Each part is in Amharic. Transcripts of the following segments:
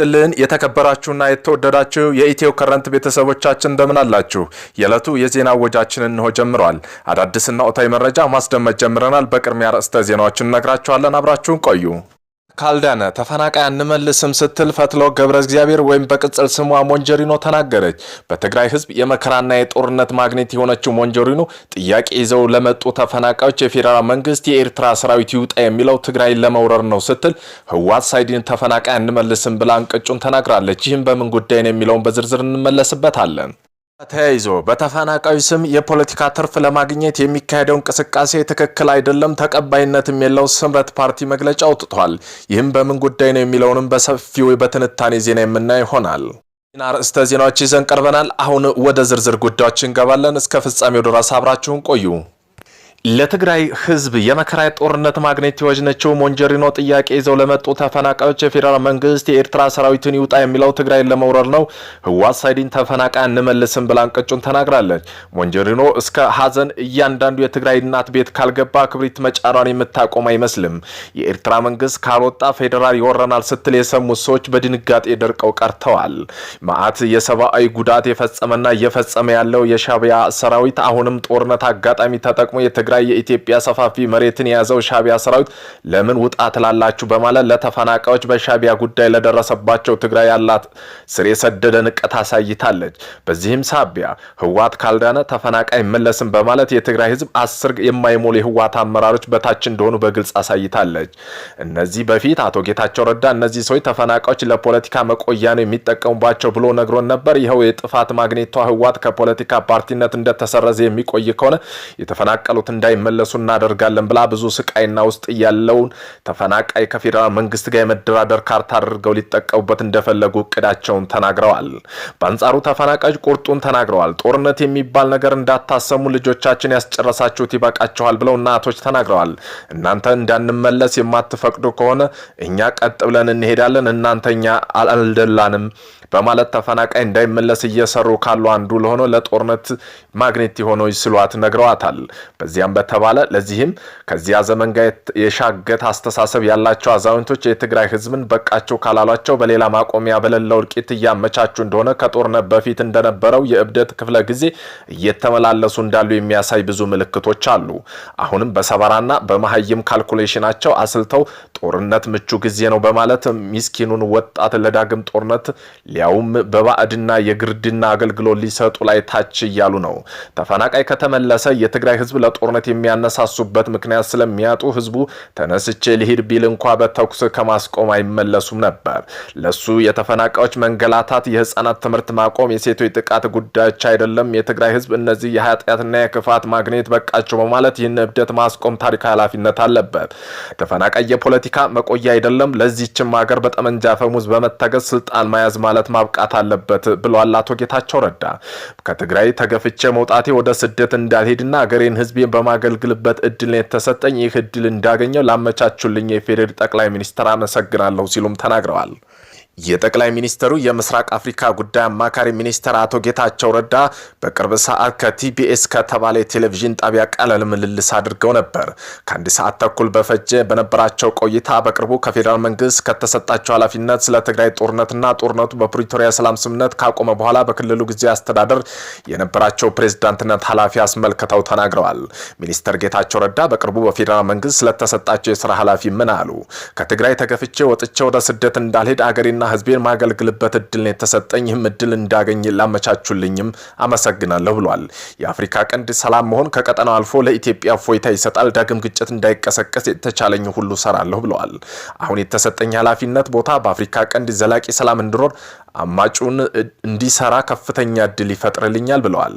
ይስጥልን የተከበራችሁና የተወደዳችሁ የኢትዮ ከረንት ቤተሰቦቻችን እንደምን አላችሁ? የዕለቱ የዜና ወጃችን እንሆ ጀምረዋል። አዳዲስና ኦታዊ መረጃ ማስደመጥ ጀምረናል። በቅድሚያ ርዕስተ ዜናዎችን እነግራችኋለን። አብራችሁን ቆዩ። ካልዳነ ተፈናቃይ አንመልስም ስትል ፈትሎ ገብረ እግዚአብሔር ወይም በቅጽል ስሟ ሞንጀሪኖ ተናገረች። በትግራይ ህዝብ የመከራና የጦርነት ማግኔት የሆነችው ሞንጀሪኖ ጥያቄ ይዘው ለመጡ ተፈናቃዮች የፌዴራል መንግስት የኤርትራ ሰራዊት ይውጣ የሚለው ትግራይን ለመውረር ነው ስትል ህዋት ሳይዲን ተፈናቃይ አንመልስም ብላ እንቅጩን ተናግራለች። ይህም በምን ጉዳይ ነው የሚለውን በዝርዝር እንመለስበታለን። ተያይዞ በተፈናቃዩ ስም የፖለቲካ ትርፍ ለማግኘት የሚካሄደው እንቅስቃሴ ትክክል አይደለም፣ ተቀባይነትም የለው ስምረት ፓርቲ መግለጫ አውጥቷል። ይህም በምን ጉዳይ ነው የሚለውንም በሰፊው በትንታኔ ዜና የምናይ ይሆናል። አርዕስተ ዜናዎች ይዘን ቀርበናል። አሁን ወደ ዝርዝር ጉዳዮች እንገባለን። እስከ ፍጻሜው ድረስ አብራችሁን ቆዩ። ለትግራይ ህዝብ የመከራ ጦርነት ማግኔት የወጅነችው ሞንጀሪኖ ጥያቄ ይዘው ለመጡ ተፈናቃዮች የፌዴራል መንግስት የኤርትራ ሰራዊትን ይውጣ የሚለው ትግራይን ለመውረር ነው፣ ህወሓት ሳይዲን ተፈናቃይ እንመልስም ብላ አንቀጩን ተናግራለች። ሞንጀሪኖ እስከ ሀዘን እያንዳንዱ የትግራይ እናት ቤት ካልገባ ክብሪት መጫሯን የምታቆም አይመስልም። የኤርትራ መንግስት ካልወጣ ፌዴራል ይወረናል ስትል የሰሙት ሰዎች በድንጋጤ ደርቀው ቀርተዋል። መዓት የሰብአዊ ጉዳት የፈጸመና እየፈጸመ ያለው የሻቢያ ሰራዊት አሁንም ጦርነት አጋጣሚ ተጠቅሞ ትግራይ የኢትዮጵያ ሰፋፊ መሬትን የያዘው ሻቢያ ሰራዊት ለምን ውጣ ትላላችሁ በማለት ለተፈናቃዮች በሻቢያ ጉዳይ ለደረሰባቸው ትግራይ ያላት ስር የሰደደ ንቀት አሳይታለች። በዚህም ሳቢያ ህዋት ካልዳነ ተፈናቃይ መለስም በማለት የትግራይ ህዝብ አስር የማይሞሉ የህዋት አመራሮች በታች እንደሆኑ በግልጽ አሳይታለች። እነዚህ በፊት አቶ ጌታቸው ረዳ እነዚህ ሰዎች ተፈናቃዮች ለፖለቲካ መቆያ ነው የሚጠቀሙባቸው ብሎ ነግሮን ነበር። ይኸው የጥፋት ማግኔቷ ህዋት ከፖለቲካ ፓርቲነት እንደተሰረዘ የሚቆይ ከሆነ የተፈናቀሉትን እንዳይመለሱ እናደርጋለን ብላ ብዙ ስቃይና ውስጥ ያለውን ተፈናቃይ ከፌዴራል መንግስት ጋር የመደራደር ካርታ አድርገው ሊጠቀሙበት እንደፈለጉ እቅዳቸውን ተናግረዋል። በአንጻሩ ተፈናቃዮች ቁርጡን ተናግረዋል። ጦርነት የሚባል ነገር እንዳታሰሙ፣ ልጆቻችን ያስጨረሳችሁት ይበቃቸዋል ብለው እናቶች ተናግረዋል። እናንተ እንዳንመለስ የማትፈቅዱ ከሆነ እኛ ቀጥ ብለን እንሄዳለን፣ እናንተኛ አልደላንም በማለት ተፈናቃይ እንዳይመለስ እየሰሩ ካሉ አንዱ ለሆነ ለጦርነት ማግኔት የሆነው ስሏት ነግረዋታል። በዚያ አይጠበቅም በተባለ ለዚህም ከዚያ ዘመን ጋር የሻገት አስተሳሰብ ያላቸው አዛውንቶች የትግራይ ህዝብን በቃቸው ካላሏቸው በሌላ ማቆሚያ በሌለው እልቂት እያመቻቹ እንደሆነ ከጦርነት በፊት እንደነበረው የእብደት ክፍለ ጊዜ እየተመላለሱ እንዳሉ የሚያሳይ ብዙ ምልክቶች አሉ። አሁንም በሰባራና በመሀይም ካልኩሌሽናቸው አስልተው ጦርነት ምቹ ጊዜ ነው በማለት ሚስኪኑን ወጣት ለዳግም ጦርነት ሊያውም በባዕድና የግርድና አገልግሎት ሊሰጡ ላይ ታች እያሉ ነው። ተፈናቃይ ከተመለሰ የትግራይ ህዝብ ለጦርነት ለጦርነት የሚያነሳሱበት ምክንያት ስለሚያጡ ህዝቡ ተነስቼ ልሂድ ቢል እንኳ በተኩስ ከማስቆም አይመለሱም ነበር። ለሱ የተፈናቃዮች መንገላታት፣ የህፃናት ትምህርት ማቆም፣ የሴቶች ጥቃት ጉዳዮች አይደለም። የትግራይ ህዝብ እነዚህ የኃጢአትና የክፋት ማግኘት በቃቸው በማለት ይህን እብደት ማስቆም ታሪካዊ ኃላፊነት አለበት። ተፈናቃይ የፖለቲካ መቆያ አይደለም። ለዚችም ሀገር በጠመንጃ ፈሙዝ በመታገዝ ስልጣን መያዝ ማለት ማብቃት አለበት ብሏል አቶ ጌታቸው ረዳ። ከትግራይ ተገፍቼ መውጣቴ ወደ ስደት እንዳልሄድና ሀገሬን ህዝቤን በማ የማገልግልበት እድል የተሰጠኝ ይህ እድል እንዳገኘው ላመቻችሁልኝ የኢፌዴሪ ጠቅላይ ሚኒስትር አመሰግናለሁ ሲሉም ተናግረዋል። የጠቅላይ ሚኒስተሩ የምስራቅ አፍሪካ ጉዳይ አማካሪ ሚኒስተር አቶ ጌታቸው ረዳ በቅርብ ሰዓት ከቲቢኤስ ከተባለ የቴሌቪዥን ጣቢያ ቃለ ምልልስ አድርገው ነበር። ከአንድ ሰዓት ተኩል በፈጀ በነበራቸው ቆይታ በቅርቡ ከፌዴራል መንግስት ከተሰጣቸው ኃላፊነት ስለ ትግራይ ጦርነትና ጦርነቱ በፕሪቶሪያ ሰላም ስምምነት ካቆመ በኋላ በክልሉ ጊዜ አስተዳደር የነበራቸው ፕሬዝዳንትነት ኃላፊ አስመልክተው ተናግረዋል። ሚኒስተር ጌታቸው ረዳ በቅርቡ በፌዴራል መንግስት ስለተሰጣቸው የስራ ኃላፊ ምን አሉ? ከትግራይ ተገፍቼ ወጥቼ ወደ ስደት እንዳልሄድ አገሬና ህዝቤን ማገልግልበት እድል ነው የተሰጠኝ። ይህም እድል እንዳገኝ ላመቻቹልኝም አመሰግናለሁ ብሏል። የአፍሪካ ቀንድ ሰላም መሆን ከቀጠናው አልፎ ለኢትዮጵያ እፎይታ ይሰጣል። ዳግም ግጭት እንዳይቀሰቀስ የተቻለኝ ሁሉ ሰራለሁ ብለዋል። አሁን የተሰጠኝ ኃላፊነት ቦታ በአፍሪካ ቀንድ ዘላቂ ሰላም እንዲኖር አማጩን እንዲሰራ ከፍተኛ እድል ይፈጥርልኛል ብለዋል።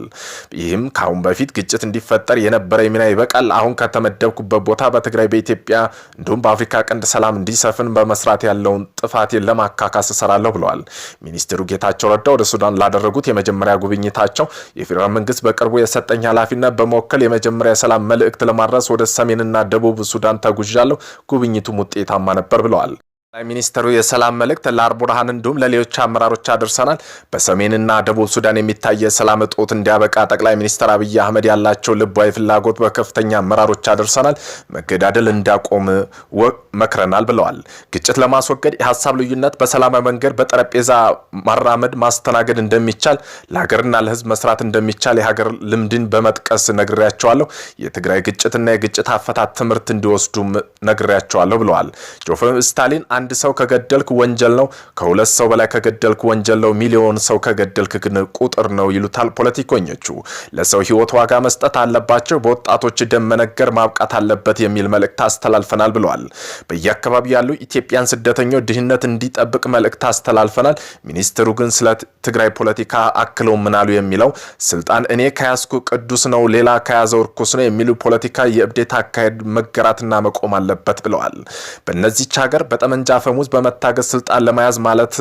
ይህም ከአሁን በፊት ግጭት እንዲፈጠር የነበረ ሚና ይበቃል። አሁን ከተመደብኩበት ቦታ በትግራይ በኢትዮጵያ እንዲሁም በአፍሪካ ቀንድ ሰላም እንዲሰፍን በመስራት ያለውን ጥፋቴን ለማካካስ እሰራለሁ ብለዋል። ሚኒስትሩ ጌታቸው ረዳ ወደ ሱዳን ላደረጉት የመጀመሪያ ጉብኝታቸው የፌዴራል መንግስት በቅርቡ የሰጠኝ ኃላፊነት በመወከል የመጀመሪያ የሰላም መልእክት ለማድረስ ወደ ሰሜንና ደቡብ ሱዳን ተጉዣለሁ። ጉብኝቱም ውጤታማ ነበር ብለዋል። ጠቅላይ ሚኒስትሩ የሰላም መልእክት ለአርቡርሃን እንዲሁም ለሌሎች አመራሮች አድርሰናል። በሰሜንና ደቡብ ሱዳን የሚታይ የሰላም እጦት እንዲያበቃ ጠቅላይ ሚኒስትር አብይ አህመድ ያላቸው ልባዊ ፍላጎት በከፍተኛ አመራሮች አድርሰናል። መገዳደል እንዲያቆም መክረናል ብለዋል። ግጭት ለማስወገድ የሀሳብ ልዩነት በሰላማዊ መንገድ በጠረጴዛ ማራመድ ማስተናገድ እንደሚቻል፣ ለሀገርና ለህዝብ መስራት እንደሚቻል የሀገር ልምድን በመጥቀስ ነግሬያቸዋለሁ። የትግራይ ግጭትና የግጭት አፈታት ትምህርት እንዲወስዱም ነግሬያቸዋለሁ ብለዋል። ጆፍ ስታሊን አንድ ሰው ከገደልክ ወንጀል ነው፣ ከሁለት ሰው በላይ ከገደልክ ወንጀል ነው፣ ሚሊዮን ሰው ከገደልክ ግን ቁጥር ነው ይሉታል ፖለቲከኞቹ። ለሰው ህይወት ዋጋ መስጠት አለባቸው፣ በወጣቶች ደም መነገር ማብቃት አለበት የሚል መልእክት አስተላልፈናል ብለዋል። በየአካባቢው ያሉ ኢትዮጵያን ስደተኞች ድህነት እንዲጠብቅ መልእክት አስተላልፈናል። ሚኒስትሩ ግን ስለ ትግራይ ፖለቲካ አክለው ምናሉ የሚለው ስልጣን እኔ ከያዝኩ ቅዱስ ነው፣ ሌላ ከያዘው እርኩስ ነው የሚሉ ፖለቲካ የእብዴት አካሄድ መገራትና መቆም አለበት ብለዋል። በእነዚች ሀገር በጠመንጃ አፈሙዝ በመታገዝ ስልጣን ለመያዝ ማለት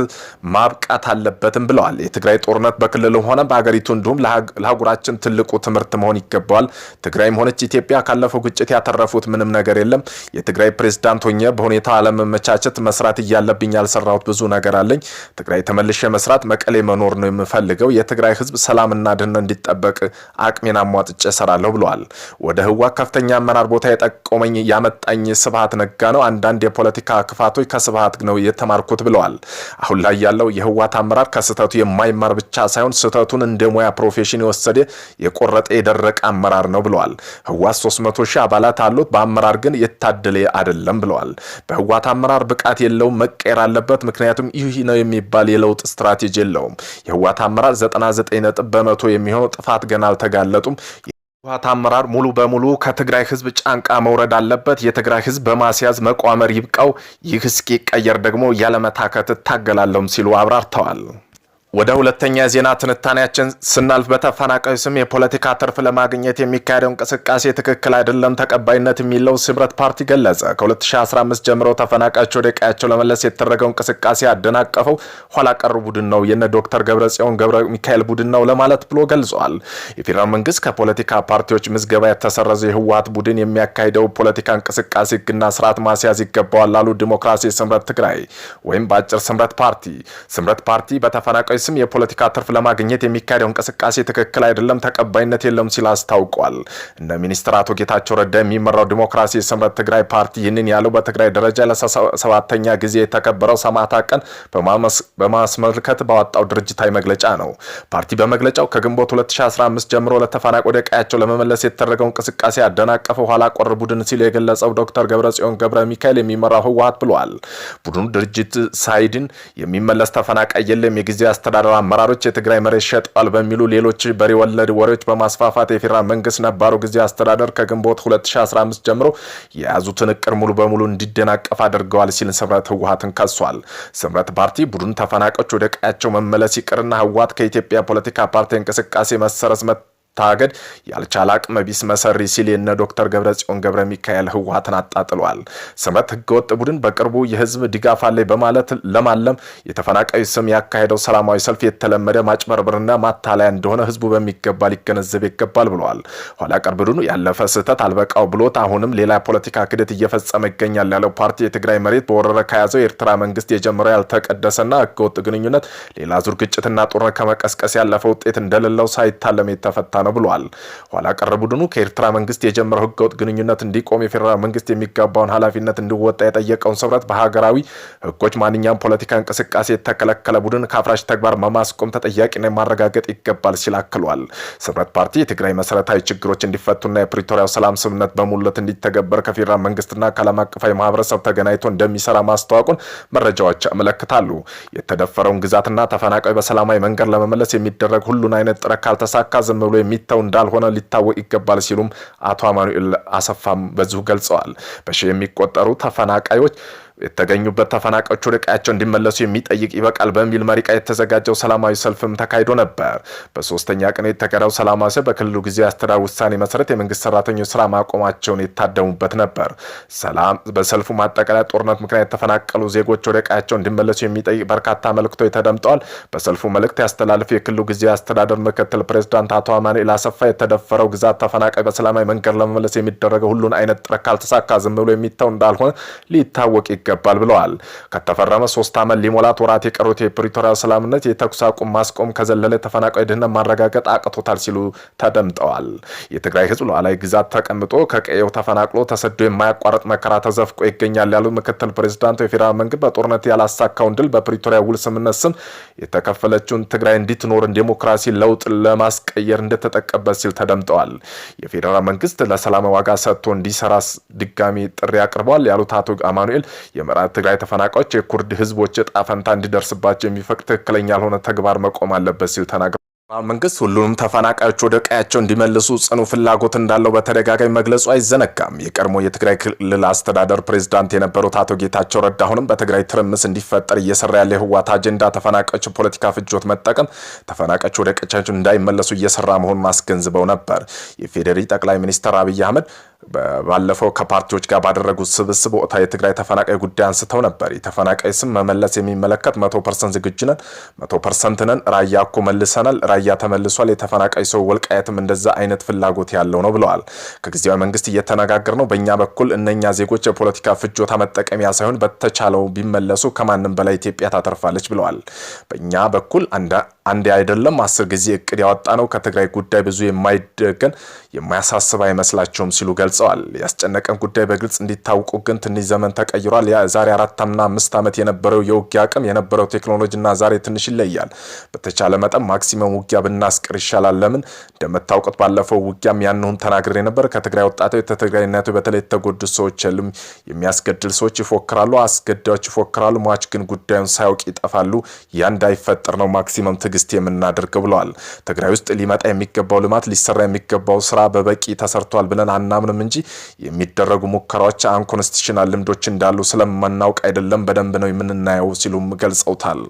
ማብቃት አለበትም ብለዋል። የትግራይ ጦርነት በክልልም ሆነ በሀገሪቱ እንዲሁም ለአህጉራችን ትልቁ ትምህርት መሆን ይገባዋል። ትግራይም ሆነች ኢትዮጵያ ካለፈው ግጭት ያተረፉት ምንም ነገር የለም። የትግራይ ፕሬዝዳንት ሆኜ በሁኔታ አለመመቻቸት መስራት እያለብኝ ያልሰራሁት ብዙ ነገር አለኝ። ትግራይ ተመልሼ መስራት መቀሌ መኖር ነው የምፈልገው። የትግራይ ህዝብ ሰላምና ደህንነት እንዲጠበቅ አቅሜን አሟጥጬ እሰራለሁ ብለዋል። ወደ ህዋ ከፍተኛ አመራር ቦታ የጠቆመኝ ያመጣኝ ስብሀት ነጋ ነው። አንዳንድ የፖለቲካ ክፋቶች ስብሃት ነው የተማርኩት ብለዋል። አሁን ላይ ያለው የህወሓት አመራር ከስህተቱ የማይማር ብቻ ሳይሆን ስህተቱን እንደ ሙያ ፕሮፌሽን የወሰደ የቆረጠ የደረቀ አመራር ነው ብለዋል። ህወሓት 300 ሺህ አባላት አሉት፣ በአመራር ግን የታደለ አይደለም ብለዋል። በህወሓት አመራር ብቃት የለውም፣ መቀየር አለበት። ምክንያቱም ይህ ነው የሚባል የለውጥ ስትራቴጂ የለውም። የህወሓት አመራር 99 ነጥብ በመቶ የሚሆነው ጥፋት ገና አልተጋለጡም። ህወሓት አመራር ሙሉ በሙሉ ከትግራይ ህዝብ ጫንቃ መውረድ አለበት። የትግራይ ህዝብ በማስያዝ መቋመር ይብቃው። ይህ እስኪቀየር ደግሞ ያለመታከት እታገላለሁም ሲሉ አብራርተዋል። ወደ ሁለተኛ የዜና ትንታኔያችን ስናልፍ በተፈናቃዩ ስም የፖለቲካ ትርፍ ለማግኘት የሚካሄደው እንቅስቃሴ ትክክል አይደለም ተቀባይነት የሚለው ስምረት ፓርቲ ገለጸ። ከ2015 ጀምሮ ተፈናቃዮች ወደ ቀያቸው ለመለስ የተደረገው እንቅስቃሴ ያደናቀፈው ኋላ ቀር ቡድን ነው የነ ዶክተር ገብረጽዮን ገብረ ሚካኤል ቡድን ነው ለማለት ብሎ ገልጿል። የፌዴራል መንግስት ከፖለቲካ ፓርቲዎች ምዝገባ የተሰረዘ የህወሀት ቡድን የሚያካሂደው ፖለቲካ እንቅስቃሴ ህግና ስርዓት ማስያዝ ይገባዋል ላሉ ዲሞክራሲ ስምረት ትግራይ ወይም በአጭር ስምረት ፓርቲ ስምረት ፓርቲ በተፈናቃዩ ስም የፖለቲካ ትርፍ ለማግኘት የሚካሄደው እንቅስቃሴ ትክክል አይደለም፣ ተቀባይነት የለም ሲል አስታውቋል። እንደ ሚኒስትር አቶ ጌታቸው ረዳ የሚመራው ዲሞክራሲ ስምረት ትግራይ ፓርቲ ይህንን ያለው በትግራይ ደረጃ ለሰባተኛ ጊዜ የተከበረው ሰማዕታት ቀን በማስመልከት ባወጣው ድርጅታዊ መግለጫ ነው። ፓርቲ በመግለጫው ከግንቦት 2015 ጀምሮ ለተፈናቅ ወደ ቀያቸው ለመመለስ የተደረገው እንቅስቃሴ ያደናቀፈው ኋላ ቆር ቡድን ሲል የገለጸው ዶክተር ገብረጽዮን ገብረ ሚካኤል የሚመራው ህወሀት ብለዋል። ቡድኑ ድርጅት ሳይድን የሚመለስ ተፈናቃይ የለም የጊዜ አስተዳደር አመራሮች የትግራይ መሬት ሸጠዋል በሚሉ ሌሎች በሬ ወለድ ወሬዎች በማስፋፋት የፌዴራል መንግስት ነባሩ ጊዜ አስተዳደር ከግንቦት 2015 ጀምሮ የያዙትን እቅድ ሙሉ በሙሉ እንዲደናቀፍ አድርገዋል ሲል ስምረት ህወሀትን ከሷል። ስምረት ፓርቲ ቡድን ተፈናቃዮች ወደ ቀያቸው መመለስ ይቅርና ህወሀት ከኢትዮጵያ ፖለቲካ ፓርቲ እንቅስቃሴ መሰረዝ መ መታገድ ያልቻለ አቅመ ቢስ መሰሪ ሲል የነ ዶክተር ገብረጽዮን ገብረ ሚካኤል ህወሓትን አጣጥሏል። ስምረት ህገወጥ ቡድን በቅርቡ የህዝብ ድጋፍ አለኝ በማለት ለማለም የተፈናቃዩ ስም ያካሄደው ሰላማዊ ሰልፍ የተለመደ ማጭበርበርና ማታለያ እንደሆነ ህዝቡ በሚገባ ሊገነዘብ ይገባል ብለዋል። ኋላ ቀር ቡድኑ ያለፈ ስህተት አልበቃው ብሎት አሁንም ሌላ ፖለቲካ ክደት እየፈጸመ ይገኛል ያለው ፓርቲ የትግራይ መሬት በወረረ ከያዘው የኤርትራ መንግስት የጀመረው ያልተቀደሰና ህገወጥ ግንኙነት ሌላ ዙር ግጭትና ጦርነት ከመቀስቀስ ያለፈ ውጤት እንደሌለው ሳይታለም የተፈታ ነው ብሏል። ኋላ ቀር ቡድኑ ከኤርትራ መንግስት የጀመረው ህገወጥ ግንኙነት እንዲቆም የፌዴራል መንግስት የሚጋባውን ኃላፊነት እንዲወጣ የጠየቀውን ስብረት በሀገራዊ ህጎች ማንኛውም ፖለቲካ እንቅስቃሴ የተከለከለ ቡድን ከአፍራሽ ተግባር በማስቆም ተጠያቂነት ማረጋገጥ ይገባል ሲል አክሏል። ስብረት ፓርቲ የትግራይ መሰረታዊ ችግሮች እንዲፈቱና የፕሪቶሪያው ሰላም ስምምነት በሙሉነት እንዲተገበር ከፌዴራል መንግስትና ከዓለም አቀፋዊ ማህበረሰብ ተገናኝቶ እንደሚሰራ ማስተዋቁን መረጃዎች ያመለክታሉ። የተደፈረውን ግዛትና ተፈናቃይ በሰላማዊ መንገድ ለመመለስ የሚደረግ ሁሉን አይነት ጥረት ካልተሳካ ዝም ብሎ የሚ የሚተው እንዳልሆነ ሊታወቅ ይገባል ሲሉም አቶ አማኑኤል አሰፋም በዚሁ ገልጸዋል። በሺ የሚቆጠሩ ተፈናቃዮች የተገኙበት ተፈናቃዮች ወደ ቀያቸው እንዲመለሱ የሚጠይቅ ይበቃል በሚል መሪ ቃል የተዘጋጀው ሰላማዊ ሰልፍም ተካሂዶ ነበር። በሶስተኛ ቀን የተካሄደው ሰላማዊ ሰልፍ በክልሉ ጊዜ አስተዳደር ውሳኔ መሰረት የመንግስት ሰራተኞች ስራ ማቆማቸውን የታደሙበት ነበር። ሰላም በሰልፉ ማጠቃለያ ጦርነት ምክንያት የተፈናቀሉ ዜጎች ወደ ቀያቸው እንዲመለሱ የሚጠይቅ በርካታ መልእክቶች ተደምጠዋል። በሰልፉ መልእክት ያስተላለፉ የክልሉ ጊዜ አስተዳደር ምክትል ፕሬዚዳንት አቶ አማኑኤል አሰፋ የተደፈረው ግዛት ተፈናቃይ በሰላማዊ መንገድ ለመመለስ የሚደረገው ሁሉን አይነት ጥረት ካልተሳካ ዝም ብሎ የሚተው እንዳልሆነ ሊታወቅ ይገባል ይገባል ብለዋል። ከተፈረመ ሶስት ዓመት ሊሞላት ወራት የቀሩት የፕሪቶሪያ ሰላምነት የተኩስ አቁም ማስቆም ከዘለለ ተፈናቃይ ድህነት ማረጋገጥ አቅቶታል ሲሉ ተደምጠዋል። የትግራይ ህዝብ ሉዓላዊ ግዛት ተቀምጦ ከቀየው ተፈናቅሎ ተሰዶ የማያቋረጥ መከራ ተዘፍቆ ይገኛል ያሉ ምክትል ፕሬዚዳንቱ የፌዴራል መንግስት በጦርነት ያላሳካውን ድል በፕሪቶሪያ ውል ስምነት ስም የተከፈለችውን ትግራይ እንዲትኖርን ዴሞክራሲ ለውጥ ለማስቀየር እንደተጠቀበት ሲል ተደምጠዋል። የፌዴራል መንግስት ለሰላም ዋጋ ሰጥቶ እንዲሰራ ድጋሚ ጥሪ አቅርበዋል ያሉት አቶ አማኑኤል የምዕራብ ትግራይ ተፈናቃዮች የኩርድ ህዝቦች እጣ ፈንታ እንዲደርስባቸው የሚፈቅድ ትክክለኛ ያልሆነ ተግባር መቆም አለበት ሲሉ ተናግረዋል። መንግስት ሁሉንም ተፈናቃዮች ወደ ቀያቸው እንዲመልሱ ጽኑ ፍላጎት እንዳለው በተደጋጋሚ መግለጹ አይዘነጋም። የቀድሞ የትግራይ ክልል አስተዳደር ፕሬዝዳንት የነበሩት አቶ ጌታቸው ረዳ አሁንም በትግራይ ትርምስ እንዲፈጠር እየሰራ ያለ የህወሓት አጀንዳ ተፈናቃዮች ፖለቲካ ፍጆት መጠቀም፣ ተፈናቃዮች ወደ ቀያቸው እንዳይመለሱ እየሰራ መሆኑን አስገንዝበው ነበር። የፌዴሪ ጠቅላይ ሚኒስትር አብይ አህመድ ባለፈው ከፓርቲዎች ጋር ባደረጉት ስብስብ ወቅታ የትግራይ ተፈናቃይ ጉዳይ አንስተው ነበር። የተፈናቃይ ስም መመለስ የሚመለከት መቶ ፐርሰንት ዝግጁ ነን፣ መቶ ፐርሰንት ነን። ራያ እኮ መልሰናል፣ ራያ ተመልሷል። የተፈናቃይ ሰው ወልቃየትም እንደዛ አይነት ፍላጎት ያለው ነው ብለዋል። ከጊዜያዊ መንግስት እየተነጋገር ነው። በእኛ በኩል እነኛ ዜጎች የፖለቲካ ፍጆታ መጠቀሚያ ሳይሆን በተቻለው ቢመለሱ ከማንም በላይ ኢትዮጵያ ታተርፋለች ብለዋል። በእኛ በኩል አንድ አይደለም አስር ጊዜ እቅድ ያወጣ ነው። ከትግራይ ጉዳይ ብዙ የማይደገን የማያሳስብ አይመስላቸውም ሲሉ ገልጸዋል። ገልጸዋል። ያስጨነቀን ጉዳይ በግልጽ እንዲታውቁ ግን ትንሽ ዘመን ተቀይሯል። ዛሬ አራትና አምስት ዓመት የነበረው የውጊያ አቅም የነበረው ቴክኖሎጂና ዛሬ ትንሽ ይለያል። በተቻለ መጠን ማክሲመም ውጊያ ብናስቀር ይሻላል። ለምን እንደምታውቁት ባለፈው ውጊያም ያንሁን ተናግሬ ነበር። ከትግራይ ወጣቶች ተትግራይነቱ በተለይ የተጎዱ ሰዎች የሉም። የሚያስገድል ሰዎች ይፎክራሉ፣ አስገዳዮች ይፎክራሉ፣ ሟች ግን ጉዳዩን ሳያውቅ ይጠፋሉ። ያ እንዳይፈጠር ነው ማክሲመም ትዕግስት የምናደርግ ብለዋል። ትግራይ ውስጥ ሊመጣ የሚገባው ልማት ሊሰራ የሚገባው ስራ በበቂ ተሰርቷል ብለን አናምንም እንጂ የሚደረጉ ሙከራዎች አንኮንስቲሽናል ልምዶች እንዳሉ ስለማናውቅ አይደለም፣ በደንብ ነው የምንናየው ሲሉም ገልጸውታል።